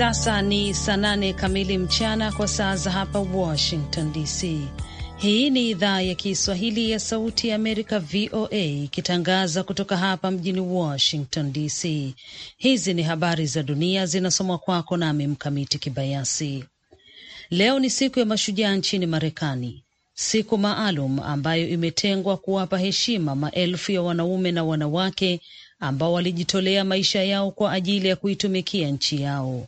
sasa ni saa nane kamili mchana kwa saa za hapa Washington DC. Hii ni idhaa ya Kiswahili ya Sauti ya Amerika, VOA, ikitangaza kutoka hapa mjini Washington DC. Hizi ni habari za dunia zinasomwa kwako nami Mkamiti Kibayasi. Leo ni siku ya mashujaa nchini Marekani, siku maalum ambayo imetengwa kuwapa heshima maelfu ya wanaume na wanawake ambao walijitolea maisha yao kwa ajili ya kuitumikia nchi yao.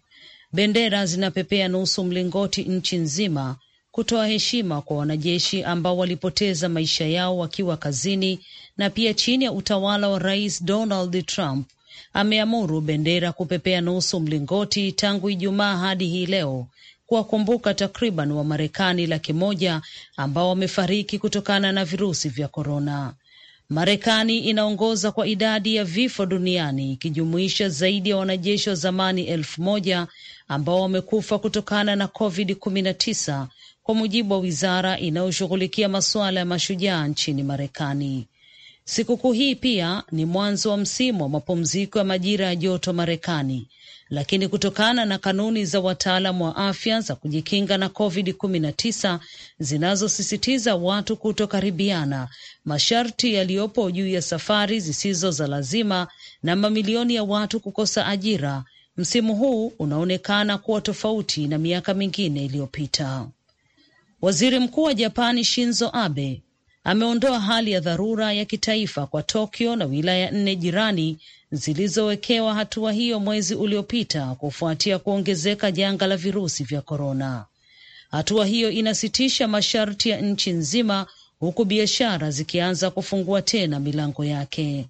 Bendera zinapepea nusu mlingoti nchi nzima kutoa heshima kwa wanajeshi ambao walipoteza maisha yao wakiwa kazini. Na pia chini ya utawala wa Rais Donald Trump ameamuru bendera kupepea nusu mlingoti tangu Ijumaa hadi hii leo kuwakumbuka takriban Wamarekani laki moja ambao wamefariki kutokana na virusi vya korona. Marekani inaongoza kwa idadi ya vifo duniani ikijumuisha zaidi ya wanajeshi wa zamani elfu moja ambao wamekufa kutokana na COVID-19 kwa mujibu wa wizara inayoshughulikia masuala ya mashujaa nchini Marekani. Sikukuu hii pia ni mwanzo wa msimu wa mapumziko ya majira ya joto Marekani, lakini kutokana na kanuni za wataalam wa afya za kujikinga na COVID-19 zinazosisitiza watu kutokaribiana, masharti yaliyopo juu ya safari zisizo za lazima na mamilioni ya watu kukosa ajira, msimu huu unaonekana kuwa tofauti na miaka mingine iliyopita. Waziri Mkuu wa Japani Shinzo Abe ameondoa hali ya dharura ya kitaifa kwa Tokyo na wilaya nne jirani zilizowekewa hatua hiyo mwezi uliopita kufuatia kuongezeka janga la virusi vya korona. Hatua hiyo inasitisha masharti ya nchi nzima huku biashara zikianza kufungua tena milango yake.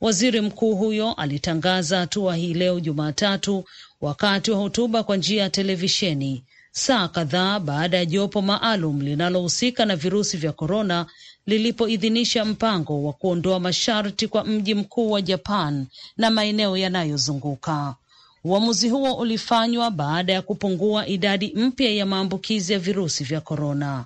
Waziri mkuu huyo alitangaza hatua hii leo Jumatatu wakati wa hotuba kwa njia ya televisheni saa kadhaa baada ya jopo maalum linalohusika na virusi vya korona lilipoidhinisha mpango wa kuondoa masharti kwa mji mkuu wa Japan na maeneo yanayozunguka. Uamuzi huo ulifanywa baada ya kupungua idadi mpya ya maambukizi ya virusi vya korona.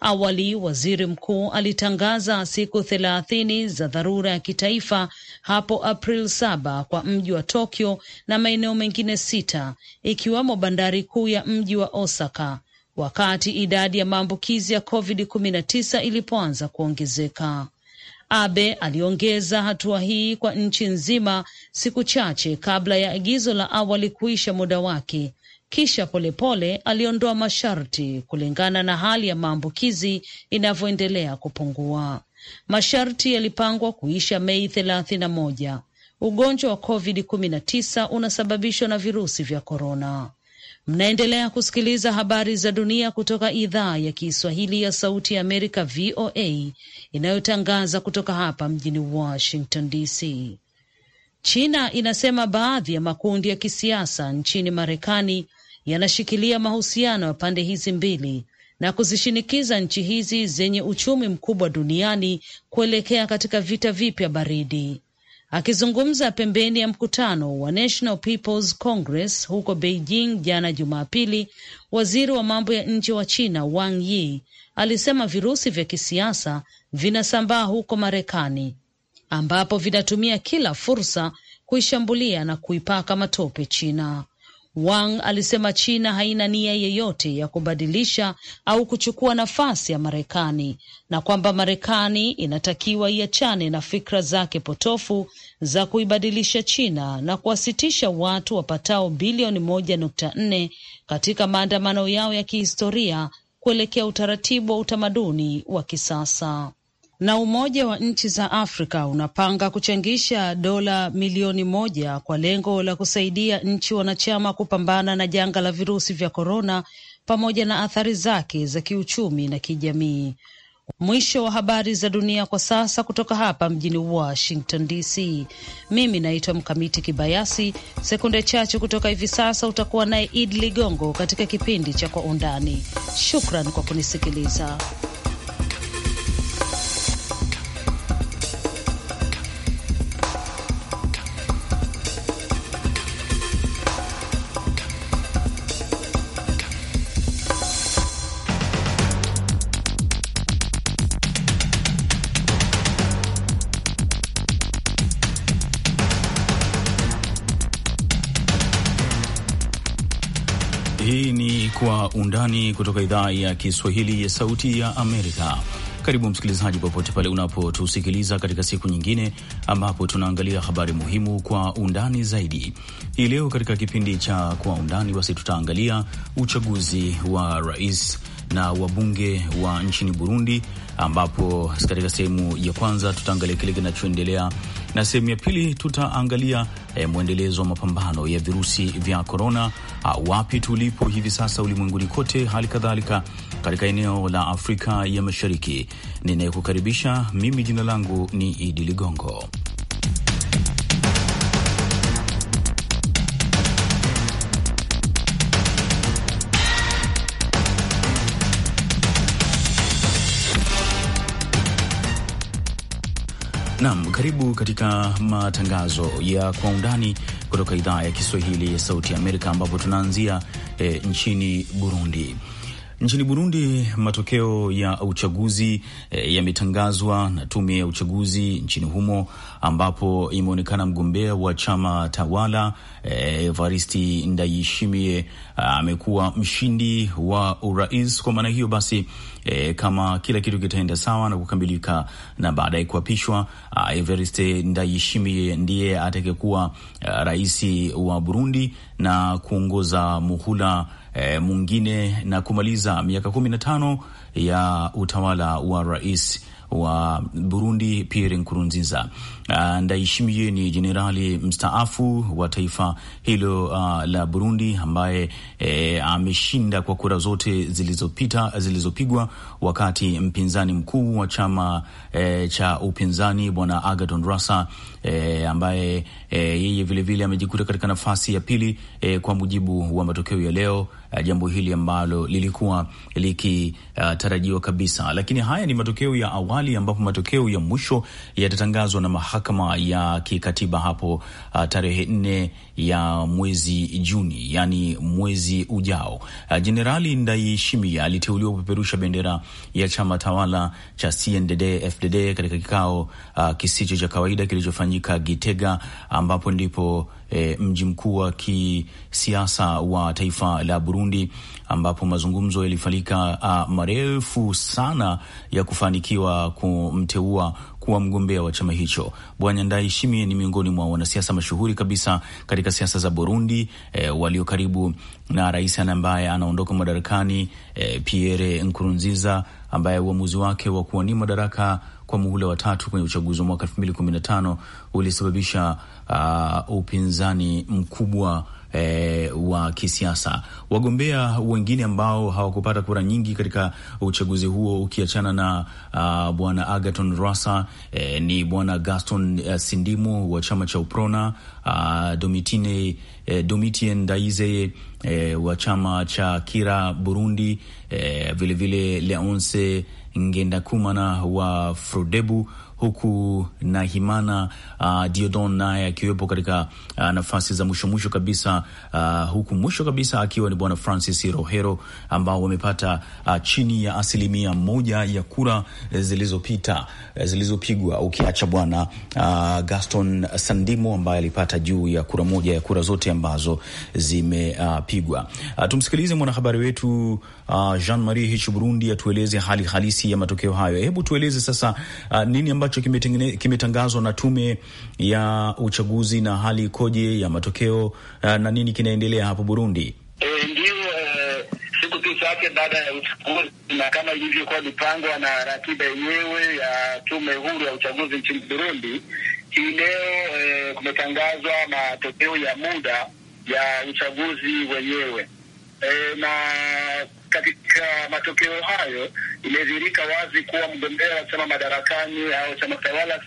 Awali waziri mkuu alitangaza siku thelathini za dharura ya kitaifa hapo April saba kwa mji wa Tokyo na maeneo mengine sita ikiwemo bandari kuu ya mji wa Osaka wakati idadi ya maambukizi ya COVID-19 ilipoanza kuongezeka. Abe aliongeza hatua hii kwa nchi nzima siku chache kabla ya agizo la awali kuisha muda wake, kisha polepole aliondoa masharti kulingana na hali ya maambukizi inavyoendelea kupungua. Masharti yalipangwa kuisha Mei 31. Ugonjwa wa COVID-19 unasababishwa na virusi vya korona. Mnaendelea kusikiliza habari za dunia kutoka idhaa ya Kiswahili ya Sauti ya Amerika, VOA, inayotangaza kutoka hapa mjini Washington DC. China inasema baadhi ya makundi ya kisiasa nchini Marekani yanashikilia mahusiano ya pande hizi mbili na kuzishinikiza nchi hizi zenye uchumi mkubwa duniani kuelekea katika vita vipya baridi. Akizungumza pembeni ya mkutano wa National People's Congress huko Beijing jana Jumapili, waziri wa mambo ya nje wa China Wang Yi alisema virusi vya kisiasa vinasambaa huko Marekani, ambapo vinatumia kila fursa kuishambulia na kuipaka matope China. Wang alisema China haina nia yeyote ya kubadilisha au kuchukua nafasi ya Marekani na kwamba Marekani inatakiwa iachane na fikra zake potofu za kuibadilisha China na kuwasitisha watu wapatao bilioni moja nukta nne katika maandamano yao ya kihistoria kuelekea utaratibu wa utamaduni wa kisasa na Umoja wa Nchi za Afrika unapanga kuchangisha dola milioni moja kwa lengo la kusaidia nchi wanachama kupambana na janga la virusi vya korona pamoja na athari zake za kiuchumi na kijamii. Mwisho wa habari za dunia kwa sasa, kutoka hapa mjini Washington DC. Mimi naitwa Mkamiti Kibayasi. Sekunde chache kutoka hivi sasa utakuwa naye Id Ligongo katika kipindi cha Kwa Undani. Shukran kwa kunisikiliza. undani kutoka idhaa ya Kiswahili ya Sauti ya Amerika. Karibu msikilizaji, popote pale unapotusikiliza katika siku nyingine ambapo tunaangalia habari muhimu kwa undani zaidi. Hii leo katika kipindi cha Kwa Undani, basi tutaangalia uchaguzi wa rais na wabunge wa nchini Burundi, ambapo katika sehemu ya kwanza tutaangalia kile kinachoendelea na sehemu ya pili tutaangalia e, mwendelezo wa mapambano ya virusi vya korona, ah, wapi tulipo hivi sasa ulimwenguni kote, hali kadhalika katika eneo la Afrika ya Mashariki. Ninayekukaribisha mimi, jina langu ni Idi Ligongo. Naam, karibu katika matangazo ya kwa undani kutoka idhaa ya Kiswahili ya Sauti ya Amerika ambapo tunaanzia eh, nchini Burundi. Nchini Burundi matokeo ya uchaguzi e, yametangazwa na tume ya uchaguzi nchini humo, ambapo imeonekana mgombea wa chama tawala e, eh, Evaristi Ndayishimiye ah, amekuwa mshindi wa urais. Kwa maana hiyo basi, e, kama kila kitu kitaenda sawa na kukamilika na baadaye kuapishwa, ah, evarist Ndayishimiye ndiye atakayekuwa ah, rais wa Burundi na kuongoza muhula e, mwingine na kumaliza miaka kumi na tano ya utawala wa rais wa Burundi Pierre Nkurunziza. Uh, ah, Ndayishimiye ni jenerali mstaafu wa taifa hilo uh, la Burundi ambaye e, ameshinda kwa kura zote zilizopita zilizopigwa, wakati mpinzani mkuu wa chama e, cha upinzani bwana Agaton rasa e, ambaye e, yeye vilevile amejikuta katika nafasi ya pili e, kwa mujibu wa matokeo ya leo uh, jambo hili ambalo lilikuwa likitarajiwa uh, kabisa, lakini haya ni matokeo ya awali, ambapo matokeo ya mwisho yatatangazwa na mahakama ya kikatiba hapo uh, tarehe nne ya mwezi Juni, yani mwezi ujao, uh, Jenerali Ndayishimiye aliteuliwa kupeperusha bendera ya chama tawala cha CNDD-FDD katika kikao uh, kisicho cha kawaida kilichofanyika Gitega, ambapo ndipo E, mji mkuu wa kisiasa wa taifa la Burundi ambapo mazungumzo yalifanyika uh, marefu sana ya kufanikiwa kumteua kuwa mgombea wa chama hicho. Bwana Ndayishimiye ni miongoni mwa wanasiasa mashuhuri kabisa katika siasa za Burundi, e, walio karibu na rais ambaye anaondoka madarakani e, Pierre Nkurunziza ambaye uamuzi wake wa kuwania madaraka kwa muhula wa tatu kwenye uchaguzi wa mwaka elfu mbili kumi na tano ulisababisha uh, upinzani mkubwa e, wa kisiasa. Wagombea wengine ambao hawakupata kura nyingi katika uchaguzi huo ukiachana na uh, bwana Agaton rasa e, eh, ni bwana Gaston uh, eh, Sindimu wa chama cha Uprona uh, ah, Domitien eh, Ndayizeye eh, wa chama cha Kira Burundi, vilevile eh, Leonce Ngendakumana wa Frodebu huku na Himana uh, ah, Diodon naye akiwepo katika uh, nafasi za mwisho mwisho kabisa uh, huku mwisho kabisa akiwa ni bwana Francis Rohero ambao wamepata uh, chini ya asilimia moja ya kura eh, zilizopita eh, zilizopigwa, ukiacha bwana uh, Gaston Sandimo ambaye alipata hata juu ya kura moja ya kura zote ambazo zimepigwa. Uh, uh, tumsikilize mwanahabari wetu uh, ah, Jean Marie Hichu Burundi atueleze hali halisi ya matokeo hayo. Hebu tueleze sasa, uh, nini ambacho kimetangazwa na tume ya uchaguzi na hali ikoje ya matokeo uh, na nini kinaendelea hapo Burundi? E, ndio eh, siku baada ya uchaguzi, na kama ilivyokuwa mipangwa na ratiba yenyewe ya tume huru ya uchaguzi nchini Burundi, hii leo e, kumetangazwa matokeo ya muda ya uchaguzi wenyewe e, na katika matokeo hayo imedhihirika wazi kuwa mgombea wa chama madarakani au chama tawala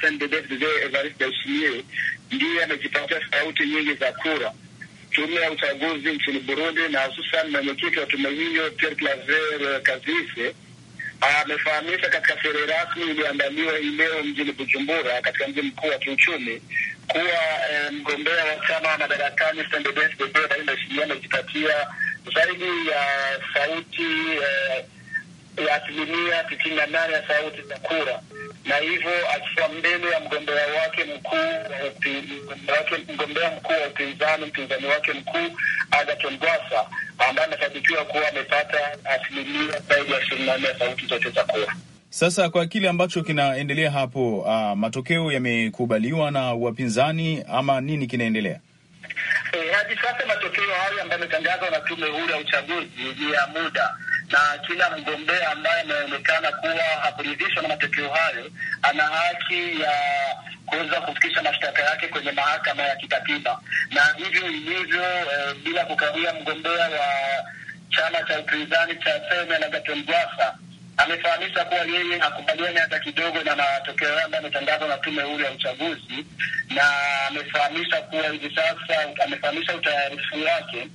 Evariste Ndayishimiye ndiye amejipatia sauti nyingi za kura. Tume ya uchaguzi nchini Burundi na hususan mwenyekiti wa tume hiyo Pierre Claver Kazise Ah, amefahamisha katika sherehe rasmi iliyoandaliwa hii leo mjini Bujumbura, katika mji mkuu wa kiuchumi kuwa eh, mgombea wa chama madarakani aia amejipatia zaidi ya sauti e, ya asilimia sitini na nane ya sauti za kura na hivyo akiwa mbele ya mgombea wake mkuu mgombea mkuu wa upinzani mpinzani wake mkuu Agaton Gwasa ambaye anatabikiwa kuwa amepata asilimia zaidi ya ishirini na nne ya sauti zote za kura. Sasa kwa kile ambacho kinaendelea hapo, uh, matokeo yamekubaliwa na wapinzani ama nini kinaendelea? E, hadi sasa matokeo hayo ambayo yametangazwa na tume huru ya uchaguzi ni ya muda na kila mgombea ambaye ameonekana kuwa hakuridhishwa na matokeo hayo ana haki ya kuweza kufikisha mashtaka yake kwenye mahakama ya kikatiba, na hivyo ilivyo, eh, bila kukawia, mgombea wa chama cha upinzani cha Seme na Gatongwasa amefahamisha kuwa yeye hakubaliani hata kidogo na matokeo hayo ambayo ametangazwa na tume huru ya uchaguzi, na amefahamisha kuwa hivi sasa, amefahamisha utayarifu wake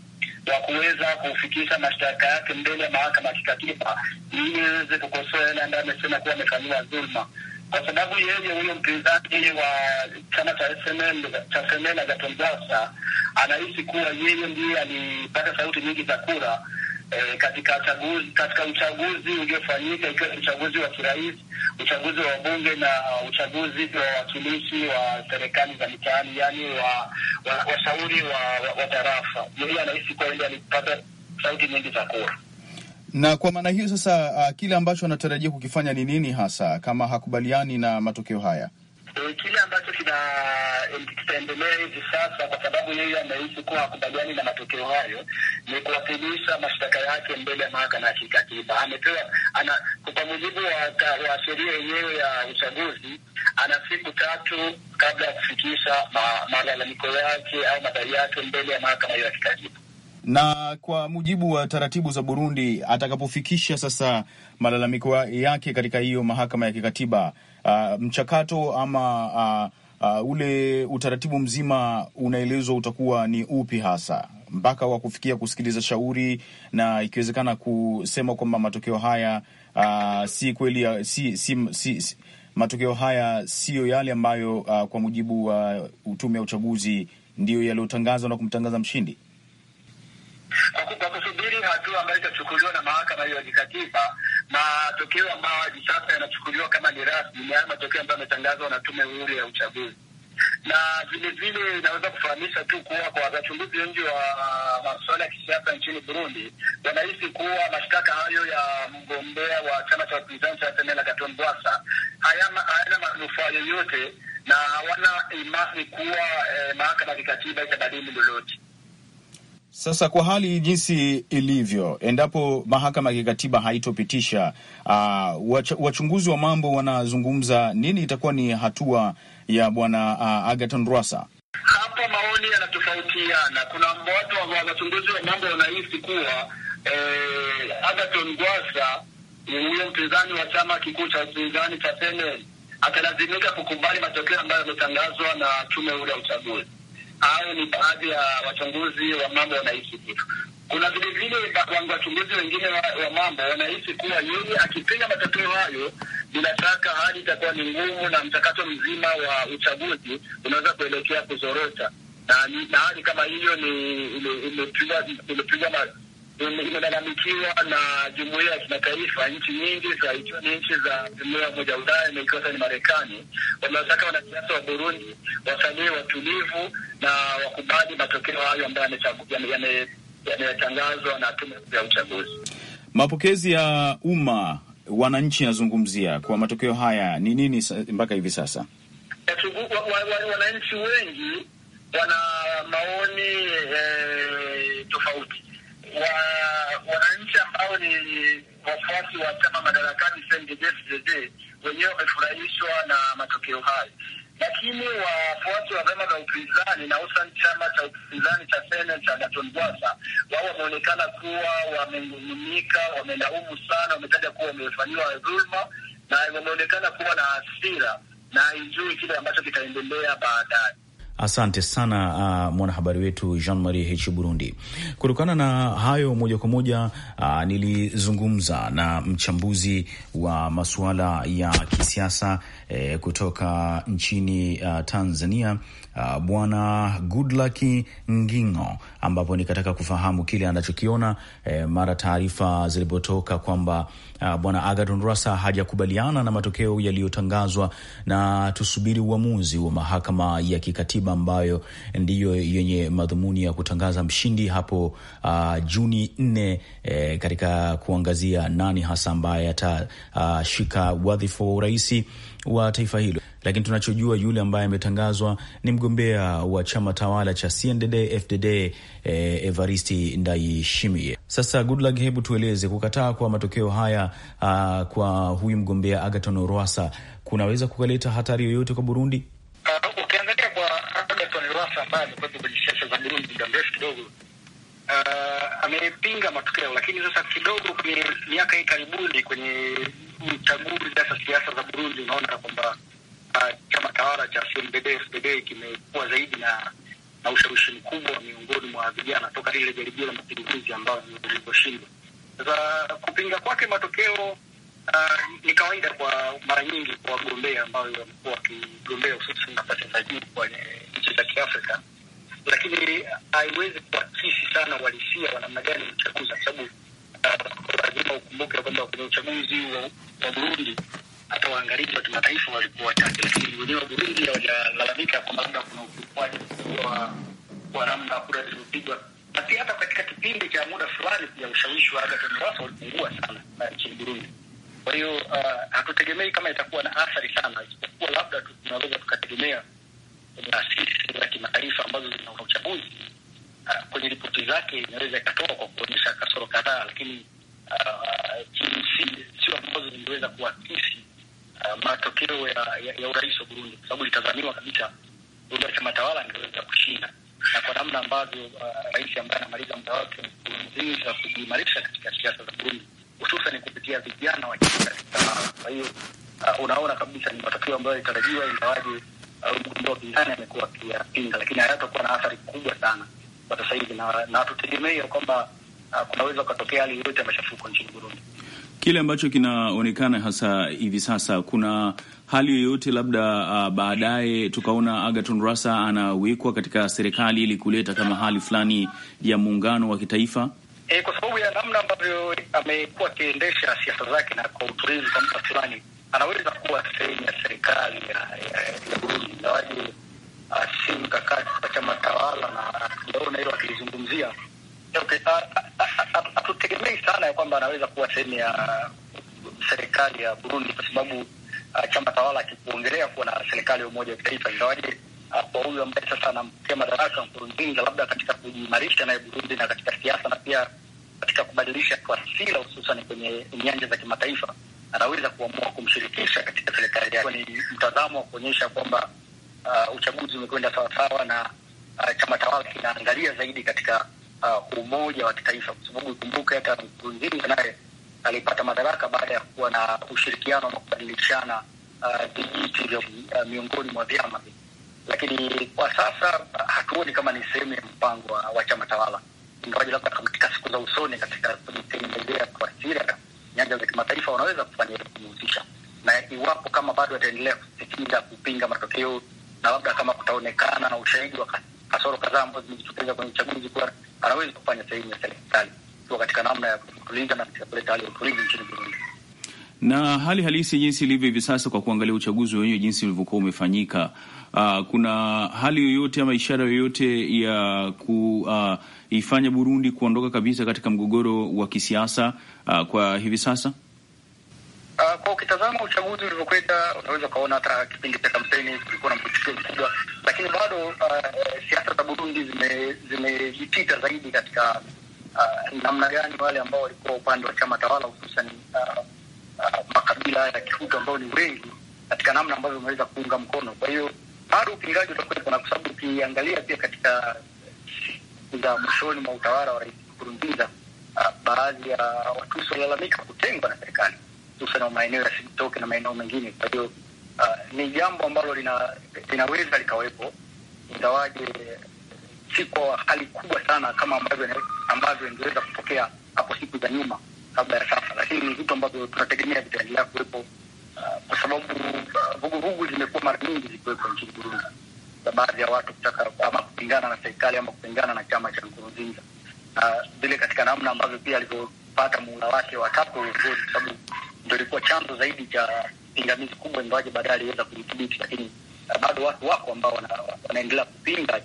wa kuweza kufikisha mashtaka yake mbele ya mahakama ya kikatiba ili iweze kukosoa yale ambayo amesema kuwa amefanyiwa dhulma, kwa sababu yeye huyo mpinzani wa chama cha cha Semela Gatonzasa anahisi kuwa yeye ndiye alipata sauti nyingi za kura eh, katika chaguzi, katika uchaguzi uliofanyika ikiwa ni uchaguzi wa kirais, uchaguzi wa bunge na uchaguzi wa watumishi wa serikali za mitaani, yani washauri wa, wa, wa, wa tarafa. Yeye anahisi kuwa ili alipata sauti nyingi za kura na kwa maana hiyo sasa, uh, kile ambacho anatarajia kukifanya ni nini hasa kama hakubaliani na matokeo haya? E, kile ambacho eh, kitaendelea hivi sasa, kwa sababu yeye amehisi kuwa hakubaliani na matokeo hayo, ni kuwasilisha mashtaka yake mbele ya mahakama ya kikatiba. Amepewa ana kwa mujibu wa sheria yenyewe ya uchaguzi, ana siku tatu kabla ya kufikisha malalamiko yake au madai yake mbele ya mahakama hiyo ya kikatiba na kwa mujibu wa taratibu za Burundi, atakapofikisha sasa malalamiko yake katika hiyo mahakama ya kikatiba uh, mchakato ama uh, uh, ule utaratibu mzima unaelezwa utakuwa ni upi hasa mpaka wa kufikia kusikiliza shauri na ikiwezekana kusema kwamba matokeo haya uh, si kweli si, si, si, si, matokeo haya siyo yale ambayo uh, kwa mujibu wa uh, tume ya uchaguzi ndiyo yaliyotangazwa na kumtangaza mshindi kwa kusubiri hatua ambayo itachukuliwa na mahakama hiyo ya kikatiba matokeo ambayo hadi sasa yanachukuliwa kama ni rasmi ni haya matokeo ambayo yametangazwa na Tume Huru ya Uchaguzi, na vile vile inaweza kufahamisha tu kuwa kwa wachunguzi wengi wa masuala ya kisiasa nchini Burundi wanahisi kuwa mashtaka hayo ya mgombea wa chama cha upinzani cha Katon Bwasa hayana manufaa yoyote na hawana imani kuwa eh, mahakama ya kikatiba itabadili lolote. Sasa kwa hali jinsi ilivyo, endapo mahakama ya kikatiba haitopitisha uh, ah, wach wachunguzi wa mambo wanazungumza nini, itakuwa ni hatua ya bwana uh, ah, Agaton Rwasa. Hapa maoni yanatofautiana. Kuna watu wa wachunguzi wa mambo wanahisi kuwa eh, Agaton Rwasa ni huyo mpinzani wa chama kikuu cha upinzani cha Senel atalazimika kukubali matokeo ambayo yametangazwa na tume huru ya uchaguzi au ni baadhi ya wachunguzi wa mambo wanahisi kitu. Kuna vilevile wachunguzi wengine wa, wa mambo wanahisi kuwa yeye akipinga matokeo hayo, bila shaka hali itakuwa ni ngumu na mchakato mzima wa uchaguzi unaweza kuelekea kuzorota, na hali kama hiyo ni imepigwa imelalamikiwa na jumuia ya kimataifa. Nchi nyingi za ikiwa ni nchi za jumuia ya Umoja Ulaya na ikiwa ni Marekani wamewataka wanasiasa wa Burundi wasalie watulivu na wakubali matokeo hayo ambayo yametangazwa na tume ya uchaguzi. Mapokezi ya umma, wananchi yanazungumzia kwa matokeo haya ni nini mpaka hivi sasa? Wananchi wengi wana maoni eh, tofauti wananchi ambao ni wafuasi wa chama madarakani CNDD-FDD wenyewe wamefurahishwa na matokeo hayo, lakini wafuasi wa vyama vya upinzani na hususan chama cha upinzani cha Sene cha Agathon Rwasa, wao wameonekana kuwa wamenung'unika, wamelaumu sana, wametaja kuwa wamefanyiwa dhulma na wameonekana kuwa na hasira na haijui kile ambacho kitaendelea baadaye. Asante sana uh, mwanahabari wetu Jean Marie Hichi Burundi. Kutokana na hayo moja kwa moja uh, nilizungumza na mchambuzi wa masuala ya kisiasa eh, kutoka nchini uh, Tanzania uh, Bwana Goodluck Ngingo, ambapo nikataka kufahamu kile anachokiona eh, mara taarifa zilipotoka kwamba Ah, bwana agaton rasa hajakubaliana na matokeo yaliyotangazwa, na tusubiri uamuzi wa mahakama ya kikatiba ambayo ndiyo yenye madhumuni ya kutangaza mshindi hapo uh, Juni nne eh, katika kuangazia nani hasa ambaye atashika uh, wadhifa wa urahisi wa taifa hilo lakini tunachojua yule ambaye ametangazwa ni mgombea wa chama tawala cha CNDD-FDD e, eh, Evaristi Ndayishimiye. Sasa Goodluck, hebu tueleze kukataa kwa matokeo haya uh, kwa huyu mgombea Agaton Rwasa kunaweza kukaleta hatari yoyote kwa Burundi? Uh, ukiangalia kwa Agathon Rwasa ambaye amekuwa kwenye siasa za Burundi muda mrefu kidogo Uh, amepinga matokeo lakini sasa kidogo kwenye miaka hii karibuni kwenye uchaguzi, sasa siasa za Burundi unaona kwamba chama tawala cha CNDD-FDD kimekuwa zaidi na na ushawishi mkubwa miongoni mwa vijana toka lile jaribio la mapinduzi ambayo lilivyoshindwa. Sasa kupinga kwake matokeo uh, ni kawaida kwa mara nyingi kwa wagombea ambayo wamekuwa wakigombea hususan nafasi za juu kwenye nchi za Kiafrika, lakini ah, haiwezi kuakisi sana uhalisia wa namna gani uchaguzi, kwa sababu ah, lazima ukumbuke kwamba kwenye uchaguzi wa Burundi hata waangalizi wa kimataifa walikuwa wachache, lakini wenyewe wa Burundi hawajalalamika kwamba labda kuna ukiukwaji wa namna kura zilizopigwa na hata katika kipindi cha muda fulani pia ushawishi wa Agathon Rwasa ulipungua sana nchini Burundi. Kwa hiyo uh, hatutegemei kama itakuwa na athari sana, isipokuwa labda tunaweza tukategemea taasisi za kimataifa ambazo zina uchaguzi uh, kwenye ripoti zake inaweza ikatoka kwa kuonyesha kasoro kadhaa, lakini uh, sio ambazo zingeweza kuakisi uh, matokeo ya, ya, ya urais wa Burundi, kwa sababu litazamiwa kabisa Burundi ya chama tawala angeweza kushinda, na kwa namna ambavyo uh, rais ambaye anamaliza muda wake kuzinza kujiimarisha katika siasa za Burundi hususan kupitia vijana wa tawala. Kwa hiyo uh, unaona kabisa ni matokeo ambayo yalitarajiwa, ingawaje uh, mgombea pinzani amekuwa akiyapinga, lakini hayatakuwa na athari kubwa sana kwa sasa hivi, na hatutegemei ya kwamba uh, kunaweza ukatokea hali yoyote ya machafuko nchini Burundi kile ambacho kinaonekana hasa hivi sasa, kuna hali yoyote labda uh, baadaye tukaona Agaton Rasa anawekwa katika serikali ili kuleta kama hali fulani ya muungano wa kitaifa e, kwa sababu ya namna ambavyo amekuwa akiendesha siasa zake na kwa utulivu, kwa muda fulani anaweza kuwa sehemu ya serikali ya Burundi, ingawaje ah, si mkakati wa chama tawala, na tujaona hilo akilizungumzia Uh, uh, uh, hatutegemei sana ya kwamba anaweza kuwa sehemu ya serikali ya Burundi kwa sababu chama tawala akikuongelea kuwa na serikali ya umoja wa kitaifa, ingawaje kwa huyu ambaye sasa anamtia madaraka Nkurunziza, labda katika kujiimarisha naye Burundi na katika siasa na pia katika kubadilisha taswira, hususan kwenye nyanja za kimataifa, anaweza kuamua kumshirikisha katika serikali yake. Ni mtazamo wa kuonyesha kwamba uh, uchaguzi umekwenda sawasawa na uh, chama tawala kinaangalia zaidi katika uh, umoja wa kitaifa, kwa sababu ikumbuke hata Nkurunziza naye alipata madaraka baada ya kuwa na ushirikiano na kubadilishana uh, vijiti uh, uh, miongoni mwa vyama, lakini kwa sasa uh, hatuoni kama ni sehemu ya mpango wa wa chama tawala, ingawaji labda katika siku za usoni, katika kujitengenezea sira nyanja za kimataifa wanaweza kufanya kumhusisha, na iwapo kama bado wataendelea kusisitiza kupinga matokeo na labda kama kutaonekana na ushahidi wa kasoro kadhaa ambazo zimejitokeza kwenye uchaguzi kuwa anaweza kufanya sehemu ya serikali ikiwa katika namna ya kulinda na katika kuleta hali ya utulivu nchini Burundi na hali halisi jinsi ilivyo hivi sasa, kwa kuangalia uchaguzi wenyewe jinsi ulivyokuwa umefanyika, uh, kuna hali yoyote ama ishara yoyote ya kuifanya uh, Burundi kuondoka kabisa katika mgogoro wa kisiasa uh, kwa hivi sasa? Uh, kwa ukitazama uchaguzi ulivyokwenda, unaweza ukaona hata kipindi cha kampeni kulikuwa na mwitikio mkubwa lakini bado uh, siasa za Burundi zimejikita zime zaidi katika uh, namna gani wale ambao walikuwa upande wa chama tawala hususan uh, uh, makabila ya Kihutu ambao ni wengi katika namna ambavyo wameweza kuunga mkono. Kwa hiyo bado upingaji utakuwepo, na kwa sababu ukiangalia pia katika siku za mwishoni mwa utawala wa Rais Nkurunziza uh, baadhi ya uh, Watusi walilalamika kutengwa na serikali hususan maeneo ya Sibitoke na maeneo mengine, kwa hiyo uh, ni jambo ambalo lina, linaweza likawepo, ingawaje si kwa hali kubwa sana kama ambavyo ambavyo ingeweza kutokea hapo siku za nyuma kabla ya sasa, lakini ni vitu ambavyo tunategemea vitaendelea kuwepo, uh, kwa sababu ah, vuguvugu uh, zimekuwa mara nyingi zikiwepo nchini Burundi za baadhi ya watu kutaka ama kupingana na serikali ama kupingana na chama cha Nkurunziza na vile katika namna ambavyo pia alivyopata muhula wake wa tatu uongozi, kwa sababu ilikuwa chanzo zaidi cha ja, pingamizi kubwa, ingawaje baadaye aliweza kujidhibiti, lakini bado watu wako ambao wana, wanaendelea kupinga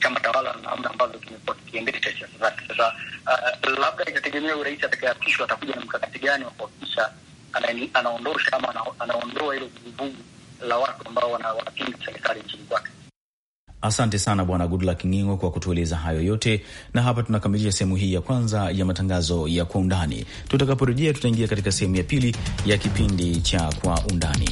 chama tawala na namna ambavyo kimekuwa kikiendesha siasa zake. Sasa uh, labda itategemea rais atakayeapishwa atakuja na mkakati gani wa kuhakikisha anaondosha ama anaondoa ilo vuguvugu la watu ambao wanapinga serikali nchini kwake. Asante sana Bwana Goodluck Ngingo kwa kutueleza hayo yote, na hapa tunakamilisha sehemu hii ya kwanza ya matangazo ya kwa undani. Tutakaporejea tutaingia katika sehemu ya pili ya kipindi cha kwa undani.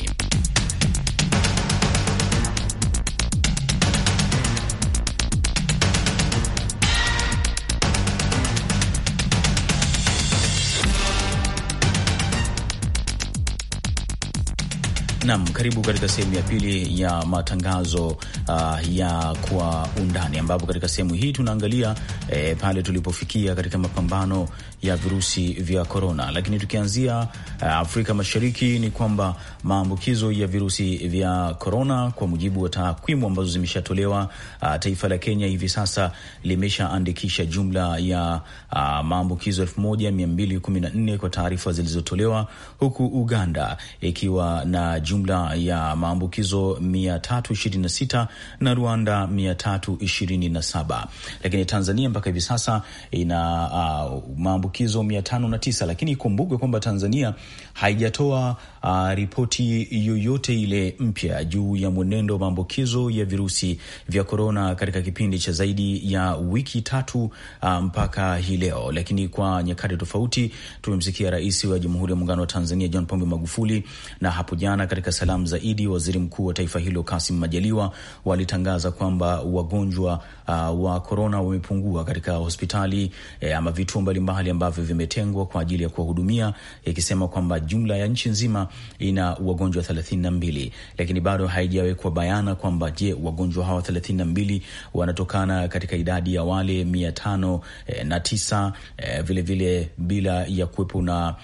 Nam, karibu katika sehemu ya pili ya matangazo uh, ya kwa undani, ambapo katika sehemu hii tunaangalia eh, pale tulipofikia katika mapambano ya virusi vya korona. Lakini tukianzia uh, Afrika Mashariki ni kwamba maambukizo ya virusi vya korona kwa mujibu wa takwimu ambazo zimeshatolewa, uh, taifa la Kenya hivi sasa limeshaandikisha jumla ya uh, maambukizo 1214 kwa taarifa zilizotolewa, huku Uganda ikiwa na jumla ya maambukizo 326 na Rwanda 327, lakini Tanzania mpaka hivi sasa ina uh, maambukizo 509, lakini ikumbukwe kwamba Tanzania haijatoa uh, ripoti yoyote ile mpya juu ya mwenendo wa maambukizo ya virusi vya korona katika kipindi cha zaidi ya wiki tatu uh, mpaka hii leo, lakini kwa nyakati tofauti tumemsikia Rais wa Jamhuri ya Muungano wa Tanzania John Pombe Magufuli, na hapo jana katika salamu zaidi waziri mkuu wa taifa hilo Kasim Majaliwa walitangaza kwamba wagonjwa uh, wa korona wamepungua katika hospitali eh, ama vituo mbalimbali ambavyo vimetengwa kwa ajili ya kuwahudumia, ikisema eh, kwamba jumla ya nchi nzima ina wagonjwa 32 lakini bado haijawekwa bayana kwamba je, wagonjwa hawa 32 wanatokana katika idadi ya wale mia eh, na tisa eh, vilevile bila ya kuwepo na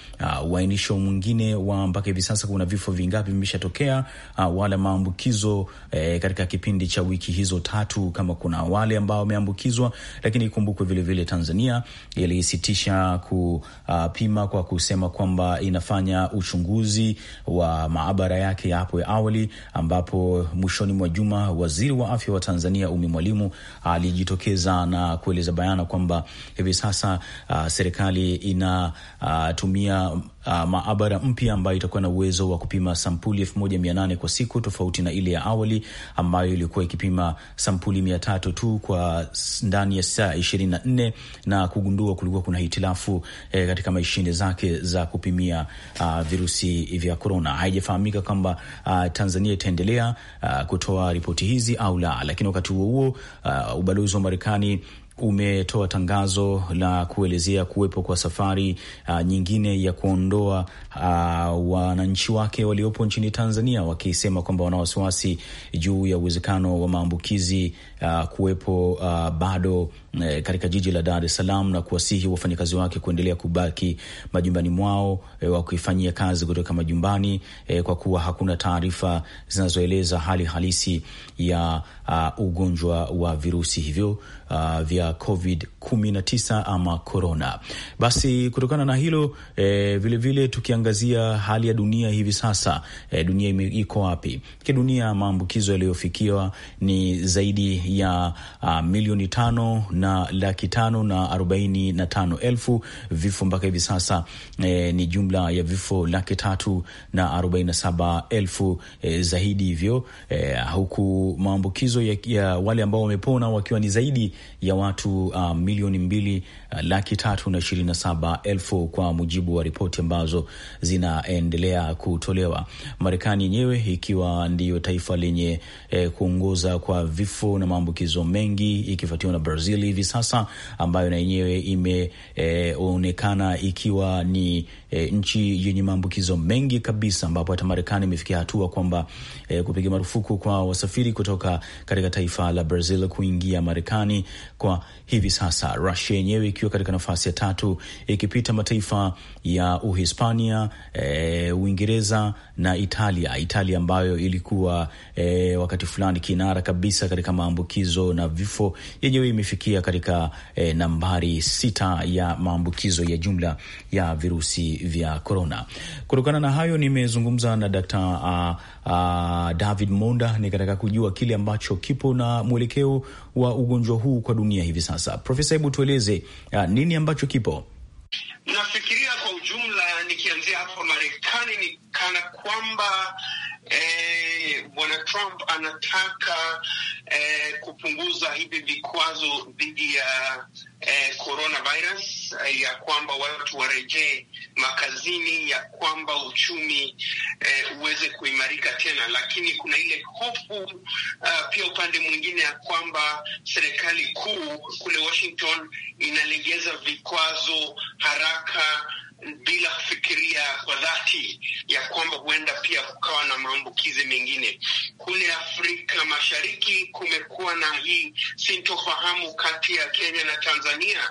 uainisho ah, mwingine wa mpaka hivi sasa kuna vifo vingapi vimeshatokea, uh, wala maambukizo eh, katika kipindi cha wiki hizo tatu, kama kuna wale ambao wameambukizwa. Lakini ikumbukwe vilevile Tanzania ilisitisha kupima ah, kwa kusema kwamba inafanya uchunguzi wa maabara yake ya hapo ya awali, ambapo mwishoni mwa juma waziri wa afya wa Tanzania Umi Mwalimu alijitokeza na kueleza bayana kwamba hivi sasa uh, serikali inatumia uh, uh, maabara mpya ambayo itakuwa na uwezo wa kupima sampuli elfu moja mia nane kwa siku tofauti na ile ya awali ambayo ilikuwa ikipima sampuli mia tatu tu kwa ndani ya saa ishirini na nne na kugundua kulikuwa kuna hitilafu eh, katika mashine zake za kupimia uh, virusi vya korona. Haijafahamika kwamba uh, Tanzania itaendelea uh, kutoa ripoti hizi au la, lakini wakati huo huo uh, ubalozi wa Marekani umetoa tangazo la kuelezea kuwepo kwa safari uh, nyingine ya kuondoa uh, wananchi wake waliopo nchini Tanzania wakisema kwamba wana wasiwasi juu ya uwezekano wa maambukizi uh, kuwepo uh, bado E, katika jiji la Dar es Salaam na kuwasihi wafanyakazi wake kuendelea kubaki majumbani mwao e, eh, wa kazi kutoka majumbani e, kwa kuwa hakuna taarifa zinazoeleza hali halisi ya uh, ugonjwa wa virusi hivyo uh, vya Covid 19 ama corona. Basi kutokana na hilo vilevile, vile tukiangazia hali ya dunia hivi sasa e, dunia iko wapi kidunia? Maambukizo yaliyofikiwa ni zaidi ya uh, milioni tano na laki tano na arobaini na tano elfu vifo mpaka hivi sasa eh, ni jumla ya vifo laki tatu na arobaini na saba elfu eh, zaidi hivyo eh, huku maambukizo ya, ya wale ambao wamepona wakiwa ni zaidi ya watu uh, milioni mbili laki tatu na ishirini na saba elfu kwa mujibu wa ripoti ambazo zinaendelea kutolewa. Marekani yenyewe ikiwa ndiyo taifa lenye eh, kuongoza kwa vifo na maambukizo mengi ikifuatiwa na Brazil hivi sasa, ambayo na yenyewe imeonekana eh, ikiwa ni e, nchi yenye maambukizo mengi kabisa, ambapo hata Marekani imefikia hatua kwamba e, kupiga marufuku kwa wasafiri kutoka katika taifa la Brazil kuingia Marekani kwa hivi sasa. Rusia yenyewe ikiwa katika nafasi ya tatu ikipita mataifa ya Uhispania, e, Uingereza na Italia. Italia ambayo ilikuwa e, wakati fulani kinara kabisa katika maambukizo na vifo, yenyewe imefikia katika e, nambari sita ya maambukizo ya jumla ya virusi vya korona. Kutokana na hayo nimezungumza na Daktari uh, David Monda katika kujua kile ambacho kipo na mwelekeo wa ugonjwa huu kwa dunia hivi sasa. Profesa, hebu tueleze uh, nini ambacho kipo? Nafikiria kwa ujumla, nikianzia hapa Marekani ni kana kwamba eh, bwana Trump anataka eh, kupunguza hivi vikwazo dhidi ya eh, coronavirus ya kwamba watu warejee makazini, ya kwamba uchumi eh, uweze kuimarika tena, lakini kuna ile hofu uh, pia upande mwingine ya kwamba serikali kuu kule Washington inalegeza vikwazo haraka bila kufikiria kwa dhati ya kwamba huenda pia kukawa na maambukizi mengine. Kule Afrika Mashariki kumekuwa na hii sintofahamu kati ya Kenya na Tanzania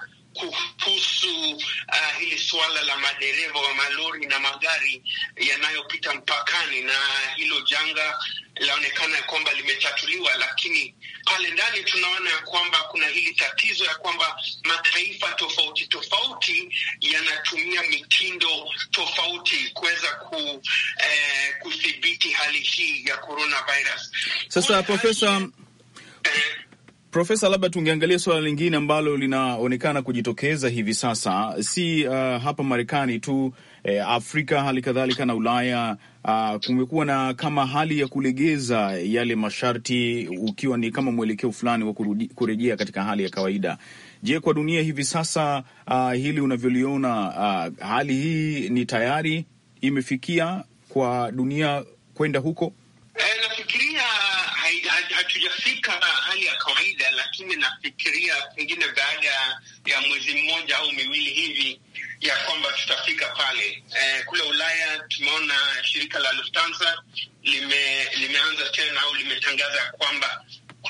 kuhusu uh, hili suala la madereva wa malori na magari yanayopita mpakani, na hilo janga laonekana ya kwamba limetatuliwa, lakini pale ndani tunaona ya kwamba kuna hili tatizo ya kwamba mataifa tofauti tofauti yanatumia mitindo tofauti kuweza ku, eh, kudhibiti hali hii ya coronavirus. Sasa profesa hali... Profesa, labda tungeangalia suala lingine ambalo linaonekana kujitokeza hivi sasa, si uh, hapa Marekani tu eh, Afrika hali kadhalika na Ulaya. Uh, kumekuwa na kama hali ya kulegeza yale masharti, ukiwa ni kama mwelekeo fulani wa kurejea katika hali ya kawaida. Je, kwa dunia hivi sasa uh, hili unavyoliona, uh, hali hii ni tayari imefikia kwa dunia kwenda huko? Eh, sijafika hali ya kawaida, lakini nafikiria pengine baada ya mwezi mmoja au miwili hivi ya kwamba tutafika pale. Eh, kule Ulaya tumeona shirika la Lufthansa lime, limeanza tena au limetangaza kwamba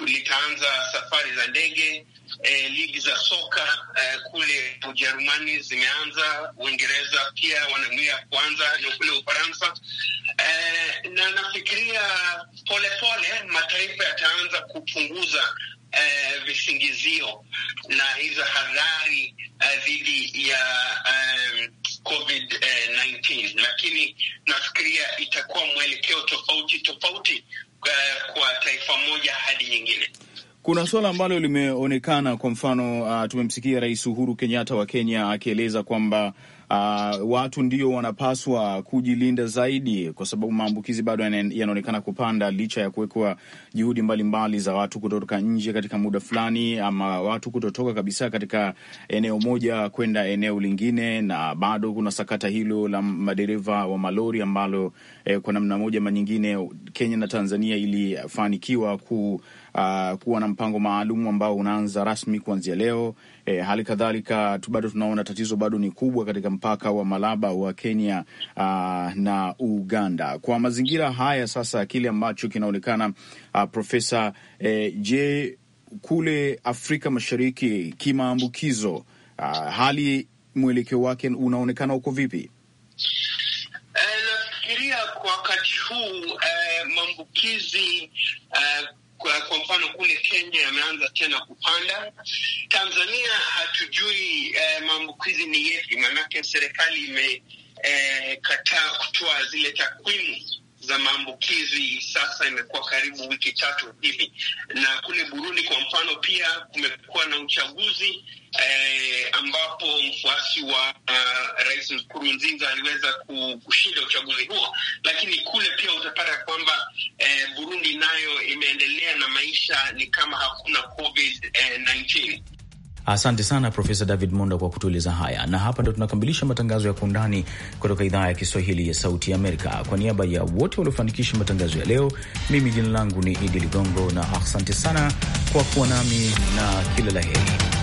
litaanza safari za ndege. Eh, ligi za soka eh, kule Ujerumani zimeanza, Uingereza pia wananuia kuanza na kule Ufaransa eh, na nafikiria polepole mataifa yataanza kupunguza eh, visingizio na hizo hadhari eh, dhidi eh, ya eh, COVID-19, lakini nafikiria itakuwa mwelekeo tofauti tofauti eh, kwa taifa moja hadi nyingine. Kuna suala ambalo limeonekana kwa mfano uh, tumemsikia Rais Uhuru Kenyatta wa Kenya akieleza kwamba uh, watu ndio wanapaswa kujilinda zaidi, kwa sababu maambukizi bado yanaonekana kupanda licha ya kuwekwa juhudi mbalimbali mbali za watu kutotoka nje katika muda fulani, ama watu kutotoka kabisa katika eneo moja kwenda eneo lingine, na bado kuna sakata hilo la madereva wa malori ambalo eh, kwa namna moja ama nyingine Kenya na Tanzania ilifanikiwa ku uh, kuwa na mpango maalum ambao unaanza rasmi kuanzia leo. E, hali kadhalika tu bado tunaona tatizo bado ni kubwa katika mpaka wa Malaba wa Kenya uh, na Uganda. Kwa mazingira haya sasa, kile ambacho kinaonekana uh, Profesa eh, je, kule Afrika Mashariki kimaambukizo, uh, hali mwelekeo wake unaonekana uko vipi? Eh, nafikiria kwa wakati huu eh, maambukizi eh, kwa, kwa mfano kule Kenya yameanza tena kupanda. Tanzania hatujui eh, maambukizi ni yepi, maanake serikali imekataa eh, kutoa zile takwimu za maambukizi sasa imekuwa karibu wiki tatu hivi, na kule Burundi kwa mfano pia kumekuwa na uchaguzi eh, ambapo mfuasi wa uh, Rais Nkurunziza aliweza kushinda uchaguzi huo, lakini kule pia utapata kwamba eh, Burundi nayo imeendelea na maisha ni kama hakuna COVID-19. Eh, Asante sana Profesa David Monda kwa kutueleza haya, na hapa ndo tunakamilisha matangazo ya kuundani kutoka idhaa ya Kiswahili ya Sauti ya Amerika. Kwa niaba ya wote waliofanikisha matangazo ya leo, mimi jina langu ni Idi Ligongo na asante sana kwa kuwa nami na kila la heri.